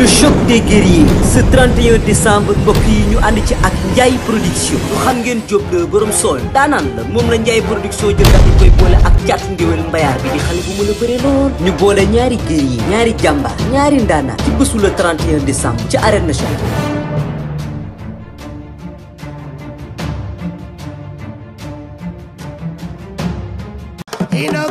le choc des guerriers ce 31 décembre mbokk yi ñu ànd ci ak Ndiaye production lu xam ngeen Diop la borom sool daanaan la moom la Ndiaye production jël dax ñu koy boole ak caat ngéwél mbayaar bi di xale bu mën a bëre lool ñu boole ñaari yi ñaari jàmbaar ñaari ndaanaan ci bésu le 31 décembre ci arène nationale You know,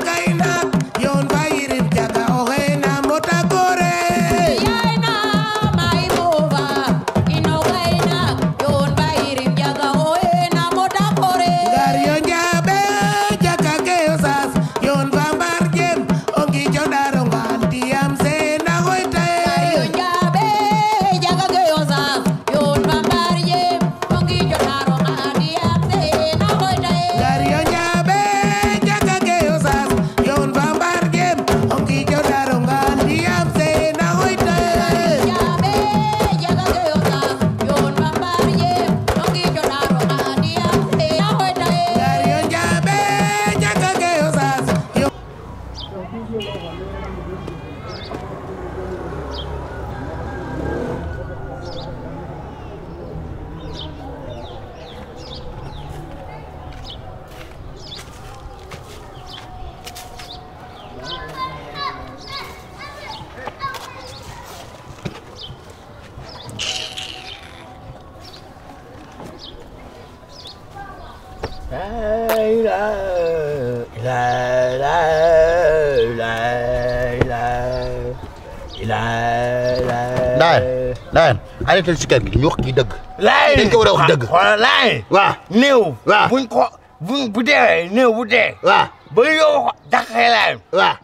Laayeen arrêté si kër gi ñu wax kii dëgg. Laayeen dañ ko war a wax dëgg. waaw Laayeen. waaw néew. waaw buñ ko buñ bu dee néew bu dee. waaw ba yow dàqee Laayeen. waaw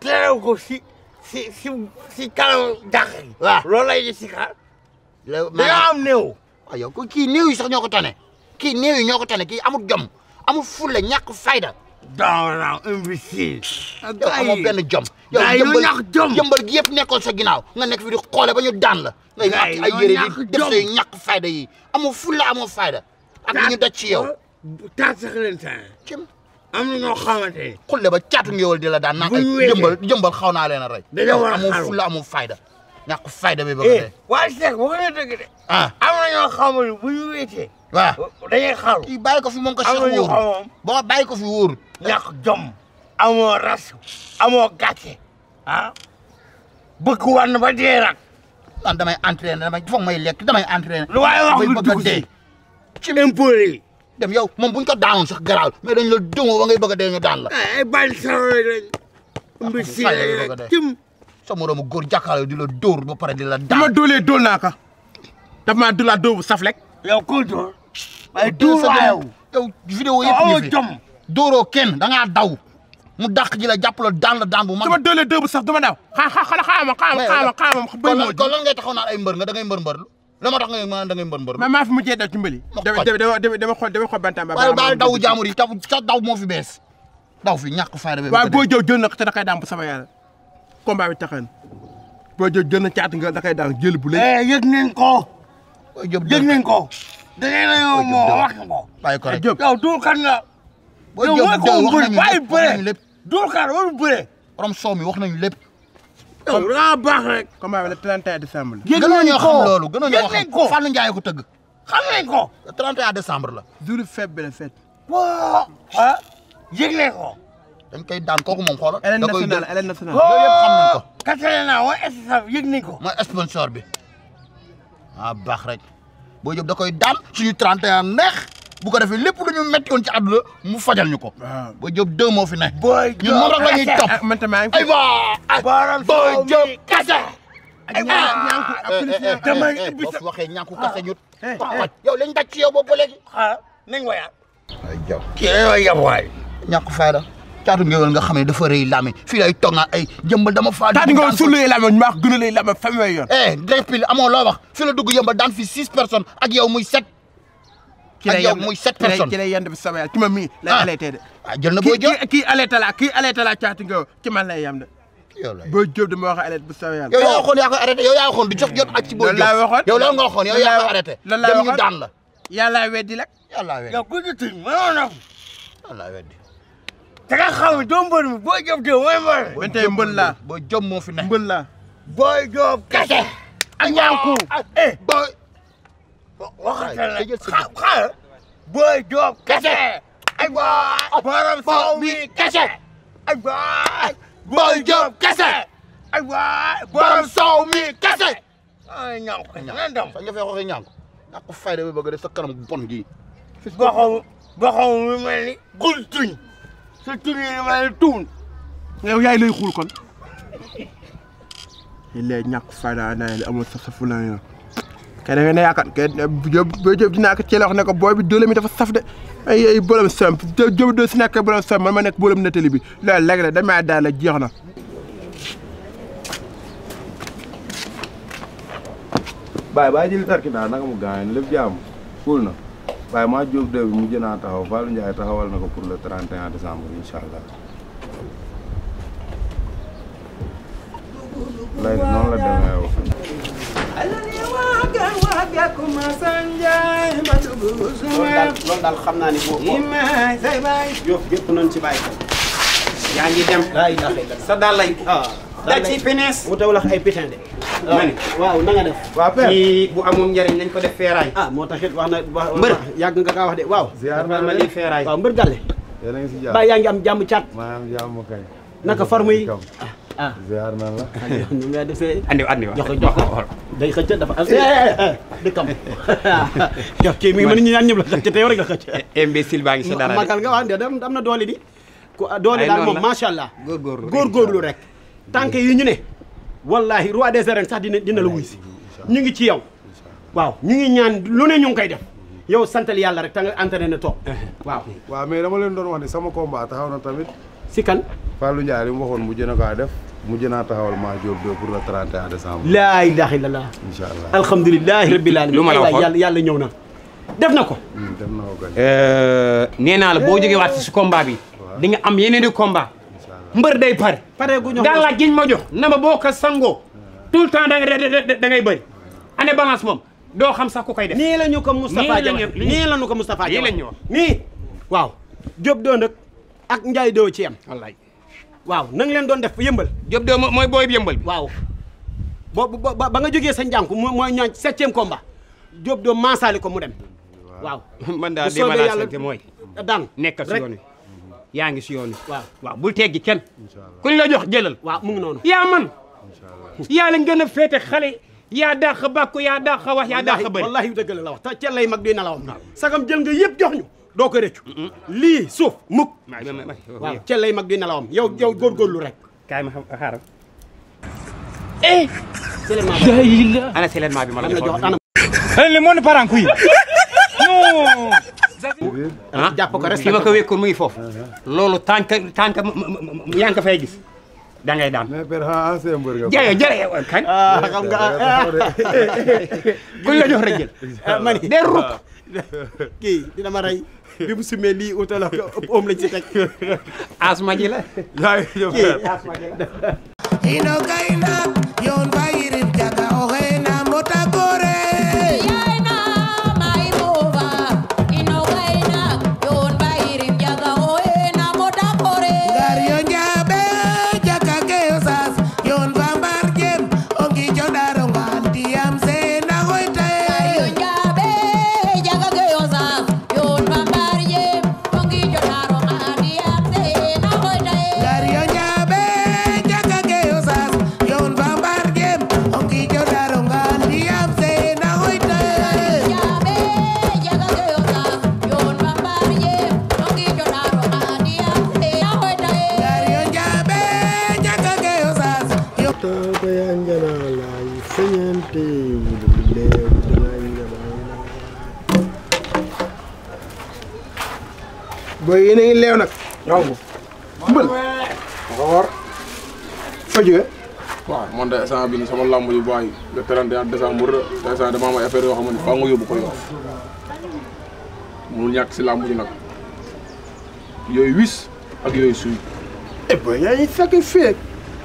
terew ko si si si si kanam dàq gi. waaw loolu lay di si xar. am néew. waaw yow kii néew yi sax ñoo ko tane kii néew yi ñoo ko kii amul jom amul fulla ñàkk fayda. daaw imbécile. yow amoo benn jom. yow jëmbal jëmbal gi yëpp nekkoon sa ginnaaw nga nekk fi di xoole ba ñu daan la. ngay ñàkk ay yére yi def say ñàkk fayda yi ñu daj ci yow. taa sax am na ñoo xamante ne. xulle ba caatu ngéwal di la daan naan ay jëmbal jëmbal xaw naa leen a rey. dañoo a amoo fulla amoo fayda. ñàkk fayda bi ba nga eh, dee. waaye Cheikh wax na dëgg de. Ah. am na ñoo xamante bu ñu wéetee waaw dañuy xaru kii bàyyi ko fi moom ko Cheikh wóorul boo bàyyi ko fi wóorul ñàkk jom amoo ras amoo gàcce ah bëgg wan ba dee rak damay entraîné damay foog may lekk damay entraîné lu waaye wax lu dugg si ci impôt yi dem yow moom buñ ko daanoon sax garaal mais dañ la dëngoo ba ngay bëgg a dee ñu daan la eh, ay ah, bàyyi saroy lañ mbi si cim sa góor jàkkaarloo di la dóor ba pare di la daan ma dóolee dóor naa ka daf maa dóor laa saf rek waaye dóor sa yow yow vidéo yëpp ñu fi jom dóoroo kenn da ngaa daw mu dàq ji la jàpp la daan la daan bu mag. dama doole dëbb sax dama daaw xaa xaa xaama xaama xaama bëy moo kon lan ngay taxaw naan ay mbër nga da ngay mbër mbër lu la ma tax nga ma da ngay mbër mbër lu maa fi mujjee daw ci mbëli dama dama xool dama xool bantam ba ba daw jaamur yi ta daw moo fi bees daw fi ñàkk fayda waaw boo jëw jël na ko te da koy daan bu sama yàlla combat bi taxan boo jëw jël na caat nga da koy daan jël bu lay eh, yëg nañ ko yëg nañ ko da ngay ne yow moo wax nga ko. bàyyi ko rek yow duulkat nga. boo yow wax nañu lépp duulkat warul bëre. borom soow mi wax nañu lépp. yow da baax rek. combat bi le 31 décembre la. gënoon ñoo xam loolu gënoon ñoo xam ko Fallou Ndiaye ko tëgg. xam nañ ko. le 31 décembre la. jour fête bi la fête. waaw ah yëg nañ ko. dañ koy daan kooku moom xoolal. da koy jël arène nationale loolu yëpp xam nañ ko. Katalina waa SSA yëg nañ ko. mooy sponsor bi ah baax rek. boo Diop da koy daan suñu 31 neex bu ko defee lépp lu ñu metti woon ci àdduna mu fajal ñu ko. waaw Boy Diop deux moo fi ne. Boy Diop ñun moom rek la ñuy topp ah, man tamit fi. aywa ah, Boy Diop kase. ak ñaanku ak damay eh, eh, waxee ñaanku kase ñu. yow lañ daj ci yow boobu ba léegi. ah nañ waay. ay jaw kii la caatu ngéwél nga xam ne dafa rëy laame fii lay toog naa dama faa. caatu ngéwél su lay laame ñu wax gën a lay laame fem lay yoon. eh depuis amoo loo wax fi la dugg yëmbal daan fi six personnes ak yow muy sept. ci lay yem ci lay yem ci ma mii. lay ah. alerté ah, kii kii alerté ci man lay yem de. yow la dama wax arrêté bu sawee yàlla. yow yaa waxoon yaa ko arrêté yow yaa waxoon du jox jot ak ci boo Diop. lan laa waxoon yow lan nga waxoon yow yaa ko te nga xam doo mbër mi boo jëm te mooy mbër. man tey mbër laa boo jëm moo fi ne. mbër laa. booy joob kese. ak ñaanku ak eh. eh booy. waxatal la xaaral booy kese. ay booy. borom soow kese. ay booy. booy joob kese. ay booy. borom soow mi kese. ay ñaanku nan dem. sax nga fay waxee ñaanku. ndax ko fayda bi bëgg def sa kanam bon gii. boo xaw boo xaw mu mel ni. tuñ. sa tur yi waaye tuun yaay lay xuul kon léegi ñàkk fayda naa li amul saf safu la ñu kay da ngeen di yaakaar kay boo jëm dinaa ne ko booy bi doole mi dafa saf de ay ay borom sam jëm doo si nekk borom sam man ma nekk borom nettali bi loolu léegi la damaa daal la jeex na. bàyyi bàyyi jëli tarki naa naka mu gaañ lépp jaam ful na. waaye maa jóg dëw bi mujj naa taxaw Fallou Ndiaye taxawal na ko pour le 31 décembre incha allah. lay noonu la demee wax. loolu daal loolu daal xam naa ne boo ko. yóob yëpp nañu ci bàyyi ko. yaa ngi dem. sa daal lay. Ah. da ci finesse mu taw lax ay pitin de. waaw na nga def. waaw père kii bu amoon njëriñ nañ ko def feeraay. ah moo taxit wax na wax mbër yàgg nga kaa wax de waaw. ziar naa ma lii feeraay waaw mbër gàlle. a ba yaa ngi am jàmm caat. maa am jàmm kay. naka forme yi ah, ah ziar naa la. ñu ngi lay defee. andi andi wa am. Eh, eh, eh, dëkkam. ñu ñaan ñëpp la xëcc te yow rek la xëcc. imbécile baa ngi si dara de. magal nga wax de am na doole di. doole daal moom macha allah. góorgóorlu rek tànk yi ñu ne wallahi roi des arènes sax dina dina la wuy si ñu ngi ci yaw waaw ñu ngi ñaan lu ne ñu ngi koy def yow santal yàlla rek ta nga entraîné toog waaw waaw mais dama leen doon wax ne sama combat taxaw na tamit si kan Fallou Ndiaye li mu waxoon mu jën a kaa def mu jën a taxawal maa Diop do pour le 31 décembre laa ilaha illallah incha allah alhamdulilahi rabbil laa lu ma la waxoon yàlla ñëw na def na ko hmm, def na ko euh, nee naa la boo jógee waat eh. si combat bi di am yeneen di combat mbër dey pare. pare gu ñu gàllaaj gi ñu ma jox na ma boo ko sangoo tout le temps da ngay da ngay bëri année balance moom doo xam sax ku koy def. nii la ñu ko Moustapha Diaw nii la ñu ko Moustapha Diaw nii la waaw. Diop doo nag ak Ndiaye doo ci am. wallaay waaw na leen doon def yëmbal. Diop doo mooy booy yëmbal bi. waaw boo ba nga jógee sa njànku mooy ñooñ septième combat Diop doo maasaale ko mu dem waaw. man daal li ma la sant mooy daan nekk ci yoon yaa ngi si yoon waa waaw waaw bul teggi kenn kuñ la jox jëlal waa mu ngi noonu yaa man yaa la gën a féete xale yaa dàq bàkku yaa dàq wax yaa dàq bëri wallaahi dëgg la la wax te ca lay mag di na la wax sagam jël nga yëpp jox ñu doo ko rëccu lii suuf mukk waaw ca lay mag di na la wax yow yow góorgóorlu rek kaay ma xam xaaral eh ana seulement bi ma la jox ana li moon paranku yi Ah, ah jàpp ko rek fi ma ko wékkoon muy foofu ah, ah. loolu tànk tànk yaa ngi fay gis da ngay daan. mais père ah ancien mbër la jox rek jël. man de kii dina ma rey. bi mu sumee lii oto la oom lañ ci teg. asma ji la. yaa ngi jëf kii asma ji la. fa jógee. waaw man de instant bii sama le 31 am ay affaire yoo xam ne faa nga si lamb ji wis ak yooyu suy. eh ba yaa ngi sacrifié.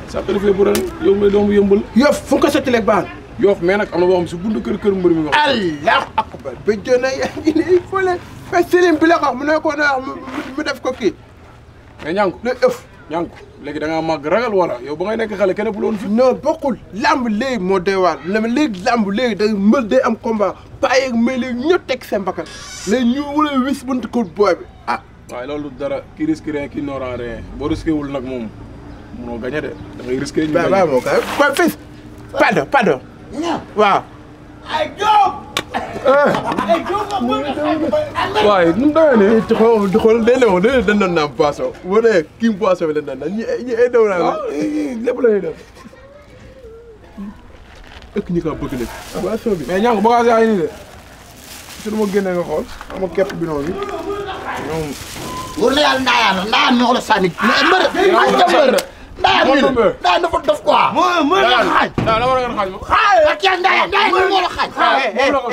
sacrifié bu ren yow doomu yëmbal. yëf fu nga ko yoof mais nag am na boo xam si buntu kër kër mbër mi wax. allahu akbar ba jona yaa ngi ne il faut le mu ne ko ne wax mu def ko kii. mais ñànku ne ëf. ñànku léegi da ngaa màgg ragal wala yow ba ngay nekk xale kenn bu loon fi non bokkul làmb léegi moo doy waar lama léegi làmb léegi da mbël day am combat bàyyeeg may léegi ñoo teg seen bakkan léegi ñu wala wis buntu ko booy bi ah waaye loolu dara ki risque rien ki n'aura rien boo risqué wul nag moom munoo gañe de da ngay risqué ñu gañe waaw waaw moo koy fis pardon pardon waaw ay jóg waaye nu mu demee nii. ci xool di xool day newoo day dañu doon naan poisson boo nee kii poisson bi dañu doon naan ñi ñi ay daw naa ah, lépp la ñuy def. ëkk ñi ko bëgg leen. Ah, poisson bi mais nii de. su ma génnee nga xool ama képp bi noonu ñoom. na yàlla ndaayaan ndaayaan ñoo ko la sànni. mais daa dafa def quoi. moo moo la xaaj. daa la war a gën a xaaj moom. xaaj kii Ndaya Ndaya ñu war a xaaj.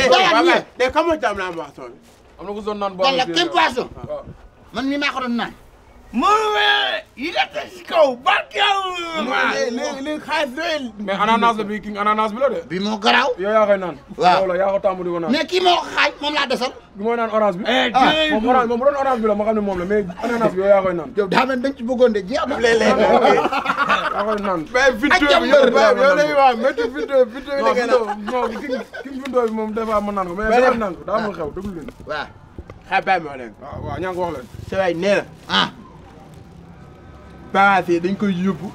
Ndaya nii. de kamoo jàmm naa am waaw soxna. am na ku doon naan boo. man mii maa ko doon naan. yéete si kaw barke ma li li xaalis doyul mais ananas la bi ki ananas bi la de bi moo garaaw yow yaa koy naan waaw la yaa ko tàmbali ko naan mais kii moo ko moom laa desal bi la naan orange bi eh, ah, moom moom bu doon bi la ma xam ne moom la mais ananas bi yow yaa koy naan yow daa mel dañ ci bëggoon na yaa koy naan mais vidéo bi yow léegi moom dafa mën naan ko mais dafa naan ko daa amul xew déglu leen ah bagages yi dañ koy yóbbu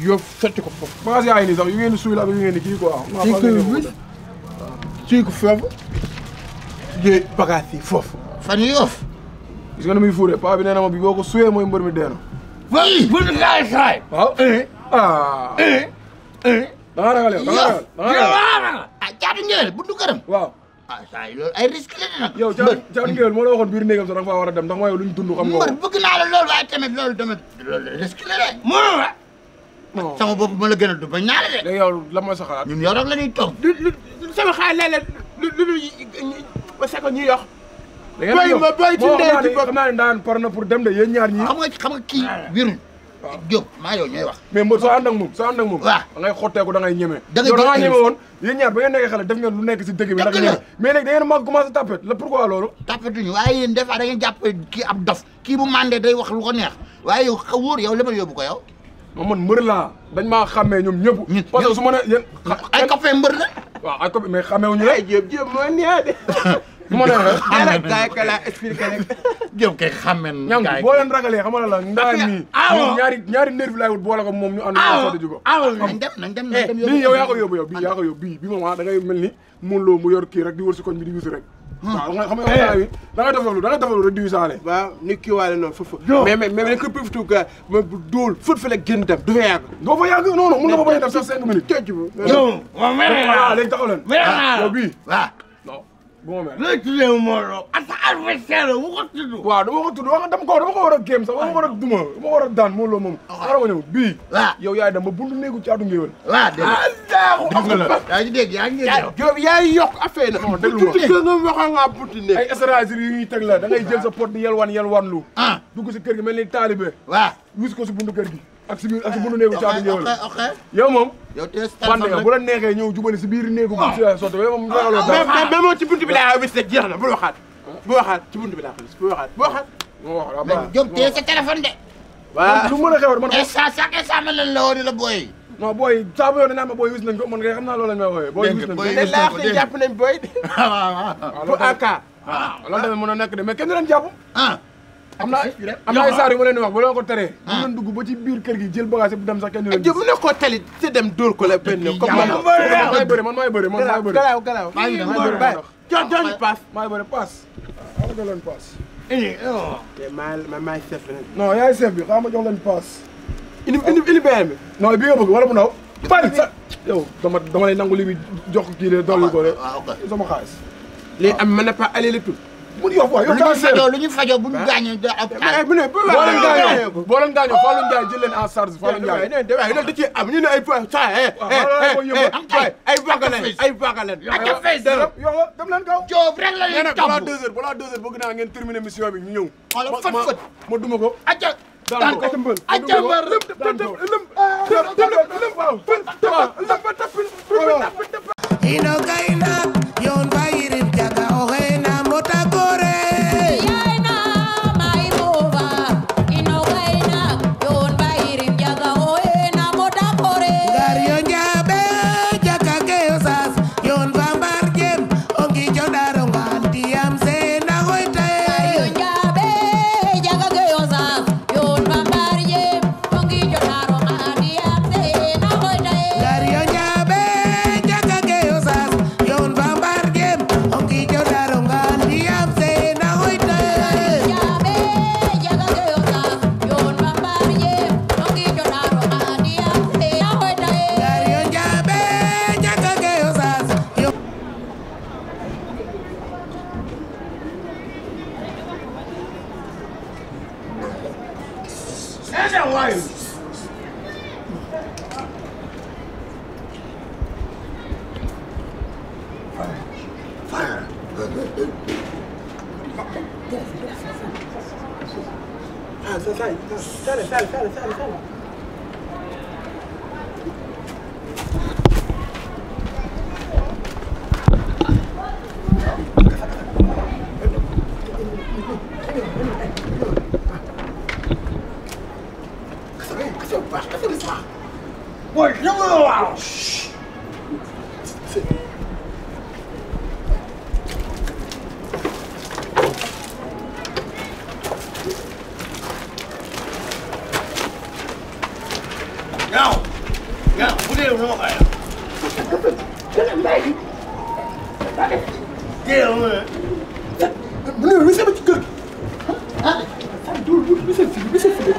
yóbbu sotti ko foofu. bagages yaa ngi nii sax yu ngeen di suul ak yu ngeen di kii quoi. dañ koy wis suy ko foofu yooyu bagages yi foofu. fan yii of. gis nga ni muy fuuree paa bi nee na ma bi boo ko suyee mooy mbër mi dee na. oui bu dul gaay saay. waaw eh. ah. Eh. Eh. da ngaa ragal yow da ngaa ragal da ngaa ragal. ah jaatu njëriñ buntu këram waaw. ah saa yi ay risque la ne nag. yow Thiam Thiam Ngéwél moo la waxoon biir néegam sax da war a dem ndax ma yow lu ñu dund xam nga. mbër bëgg naa la waaye tamit loolu tamit loolu risque la de. mënoo la. non ma la gën a du ba ñaale yow la yow la ñuy toog. du du sama xaar léeg-léeg lu lu lu seko ñuy yox. da ngeen di yox booy ma booy ci ndey ci bopp. moo daan par na pour dem de yéen ñaar ñii. kii wiruñ Diop maa yow ñooy wax mais mbër soo ànd ak moom soo ànd ak moom waaw da ngay xotteeku da ngay ñeme da ngay ñeme woon yéen ñaar ba ngeen nekkee xale def ngeen lu nekk si dëgg bi nag mais léegi da ngeen mag commencé tapet la pourquoi loolu tapetuñu waaye yéen des fois da ngeen jàpp kii ab dof bu ko yow wóor yow li laa dañ maa ma ne yéen ay copain mbër la waaw ay copain mais xàmmee wuñu la jéem jéem mooy neex de du ma leen rek. ah nag gars yi kay laa expliqué rek. yow kay xàmme na gars yi boo leen ragalee xam nga la ndaw mi. awo ñaari ñaari nerf laay wut boole ko moom ñu ànd. awo awo nañ dem nañ dem nañ dem eh, yóbbu. bii yow yaa ko yóbbu yow bii yaa ko yóbbu bii bii moom ah da ngay mel ni mënuloo mu yor kii rek di wër si koñ bi di wisu rek. Hmm. waaw xam nga yow da ngay defalu da ngay defalu rek di wisaale. waaw ni kii waale noonu foofu. mais mais mais dañ ko profité que ma dóol fóot fa la génn dem du fa yàgg. doo fa yàgg non non mun na fa bañ a def sax cinq minutes. tëj ba. non waaw mais. waaw ah, ah. léegi taxaw leen. mais waaw ah. yow bii waaw. looy tuddee Mawlo ak sa adversaire wu ko tudd. waaw dama ko tudd dama ko dama ko war a géem sax dama ko war a ah. duma dama ko war a daan Mawlo moom. waaw war a ñëw bii. waaw yow yaay dem ba buntu néegu caatu ngéwél. waaw dégg nga yaa ngi dégg yaa ngi dégg. yaa yokk affaire yi nag. déglu ma tuuti gën a waxoon nga buntu néeg. ay étrangers yu ñuy teg la da ngay jël sa pot lu. Ah. dugg si kër gi mel ni taalibe. waa wis ko si buntu kër gi. ak si biir ak si bunu néegu caatu ñëwal yow moom bande nga bu la neexee ñëw jubali si biir néegu bu si sotti yow moom ah, ragaloo ah, ah. mais mais moom ci buntu bi laa wis rek jeex na bu waxaat bu waxaat ci buntu bi laa wis bu waxaat bu waxaat Diop téye sa téléphone de waaw lu mën a xewar man instant chaque instant man lañ la woo ni la booy non booy saa bu yow ne naa ma booy wis nañ ko man kay xam naa loolu lañ may wooyee booy wis nañ ko de laa wax ne jàpp nañ booy de pour AK waaw loolu tamit mën a nekk de mais kenn du leen jàpp am na am na ay saar yu ma leen di wax bu leen ko teree. bu ah. leen dugg ba ci biir kër gi jël bagage bu dem sax kenn du leen. jëm ne ko tali te dem dóor ko la benn comme man maay bëri man maay bëri man maay bëri. galaaw galaaw maa ngi bëri maa jox jox ñu paas. maay bëri paas. waaw jox leen paas. Eh, oh. eh, maa maa maay chef bi nag. non yaay chef bi xaaral ma jox leen paas. indi indi indi benn bi. non bi nga bëgg wala bu ndaw. bari sa yow dama dama lay nangu li bi jox kii la dolli ko de ah, ah, sama xaalis. léegi am mën na pas aller le tout mun yof waaw yow daa lu ñu fajoo bu ñu gaañoo da ab bu ne boo leen gaañoo boo leen gaañoo Fallou Ndiaye jël leen en ne ay sa ay vagalan ay vagalan yow dem leen la leen tabb balaa deux heures balaa deux heures bëgg naa ñu ñëw xoolal fët fët ma duma ko acca daan ko acca Fire! Fire! تعال تعال تعال تعال تعال تعال don't know her. Déedéet woon na. bu ñu wér sama ci kër gi. ah ah duul duul bi seen fii bi seen fii.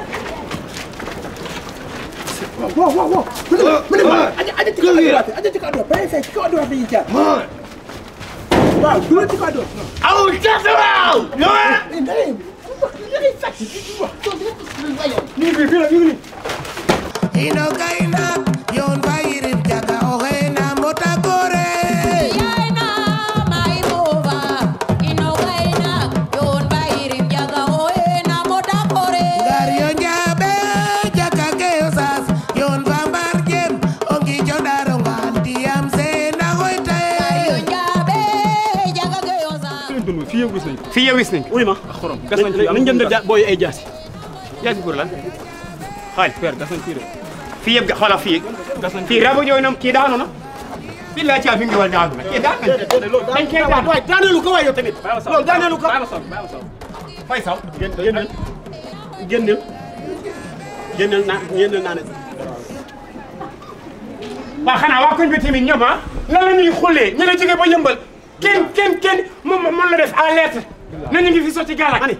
waaw waaw waaw. mu ne ma mu ne ma aja aja ci kaw adduwaat aja ci kaw adduwaat bàyyi fay ci kaw adduwaat dañuy jaar. waaw dugal ci kaw adduwaat. amul gerte waaw. yow ah. mais da ngay wax da ngay sàcc di wax. yow dina ko suñu waayoo. ñu ngi fii fii la ñu ngi nii. yow wis nañ ko. wuy ma ah, xorom gas nañ fi am nañ jënd booy ay jaasi. jaasi pour lan xaalis père gas nañ fii de. fii yëpp xoolal fii. gas nañ fii rabo jooy na kii daanu na. billahi caa fi ngi wal daanu na kii daanu na dañ koy daan waay daaneelu ko waay yow tamit. loolu daaneelu ko. fay saw génneel génneel génneel naa génneel naa ne. waaw xanaa waa koñ bi tamit ñoom ah. lan la ñuy xullee ñu la jógee ba yëmbal kenn kenn kenn moom moom la def à lettre. na ñu ngi fi sotti gaal ak mani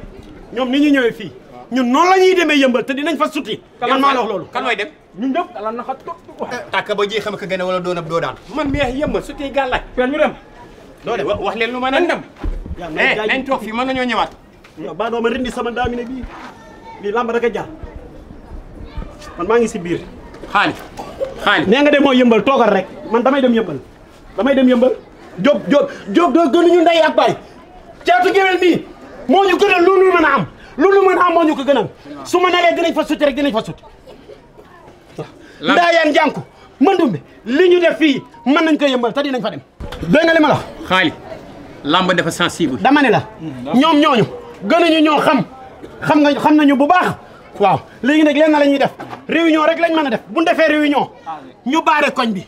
ñoom ni ñu ñëwee fii ñun noonu la ñuy demee yëmbal te dinañ fa suti man maa la wax loolu kan mooy dem ñun def kalan na xa topp wax tàkk ba ji xam ko gën a wala doon ab doo daal man mi yeex yëmbal suti gaal ak ñu dem doo dem wax leen lu ma nan dem eh, nañ toog fii mën nañoo ñëwaat ba doo ma rindi sama daamine bii lii lamba rek a man maa ngi si biir xaali xaali nee nga dem moo yëmbal toogal rek man damay dem yëmbal damay dem yëmbal Diop Diop Diop doo gënuñu ndey ak baay caatu géwél mii moo ñu gënal lu nu mën a am lu nu mën a am moo ñu ko gënal su ma nalee dinañ fa suti rek dinañ fa suti waaw ndaa yaan jànku mëndum bi li ñu def fii mën nañ ko yëmbal te nañ fa dem dégg nga li ma la xaali làmb defa sensible dama ne la ñoom ñooñu gën añu ñoo xam xam nga xam nañu bu baax waaw léegi nag lenn la ñuy def réunion rek lañ mën a def bu ñu defee réunion ñu baare koñ bi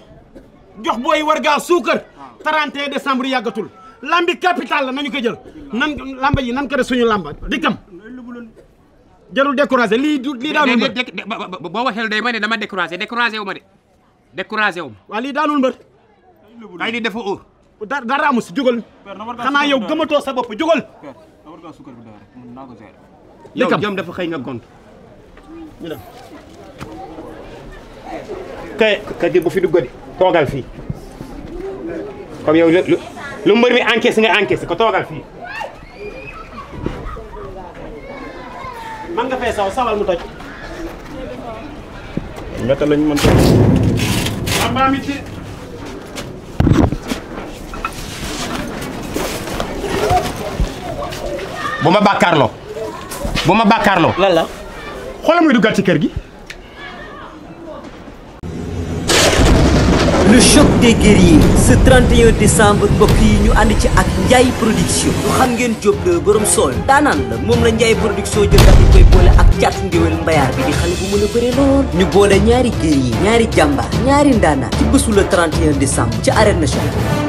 jox booy war gaa suukar 31 ah. décembre yàggatul lambi capital la nañu ko jël nan lamba yi nan ko def suñu lamba dikkam jarul découragé lii du lii daanul mbër boo waxee day ma ne dama découragé découragé wu ma de découragé wu ma waaw lii daanul mbër ay lii dafa óor dara amu si jógal xanaa yow gëmatoo sa bopp jógal yow jom dafa xëy nga gont ñu dem kay ka di bu fi dugg di toogal fii comme yow lu mbër mi encaissé nga encaissé ko toogal fii man nga fee saw sawal mu toj bu ma bàkkaarloo bu ma bàkkaarloo lan la xoola muy duggal ci kër gi choc des guerriers ce 31 décembre mbokk yi ñu ànd ci ak Ndiaye production ñu xam ngeen Diop la borom sol daanaan la moom la Ndiaye production jël dax ñu koy boole ak caatu ngéwél mbayaar bi di xale bu mën a bëre lool ñu boole ñaari yi ñaari jàmbaar ñaari ndaanaan ci bésu le 31 décembre ci arène nationale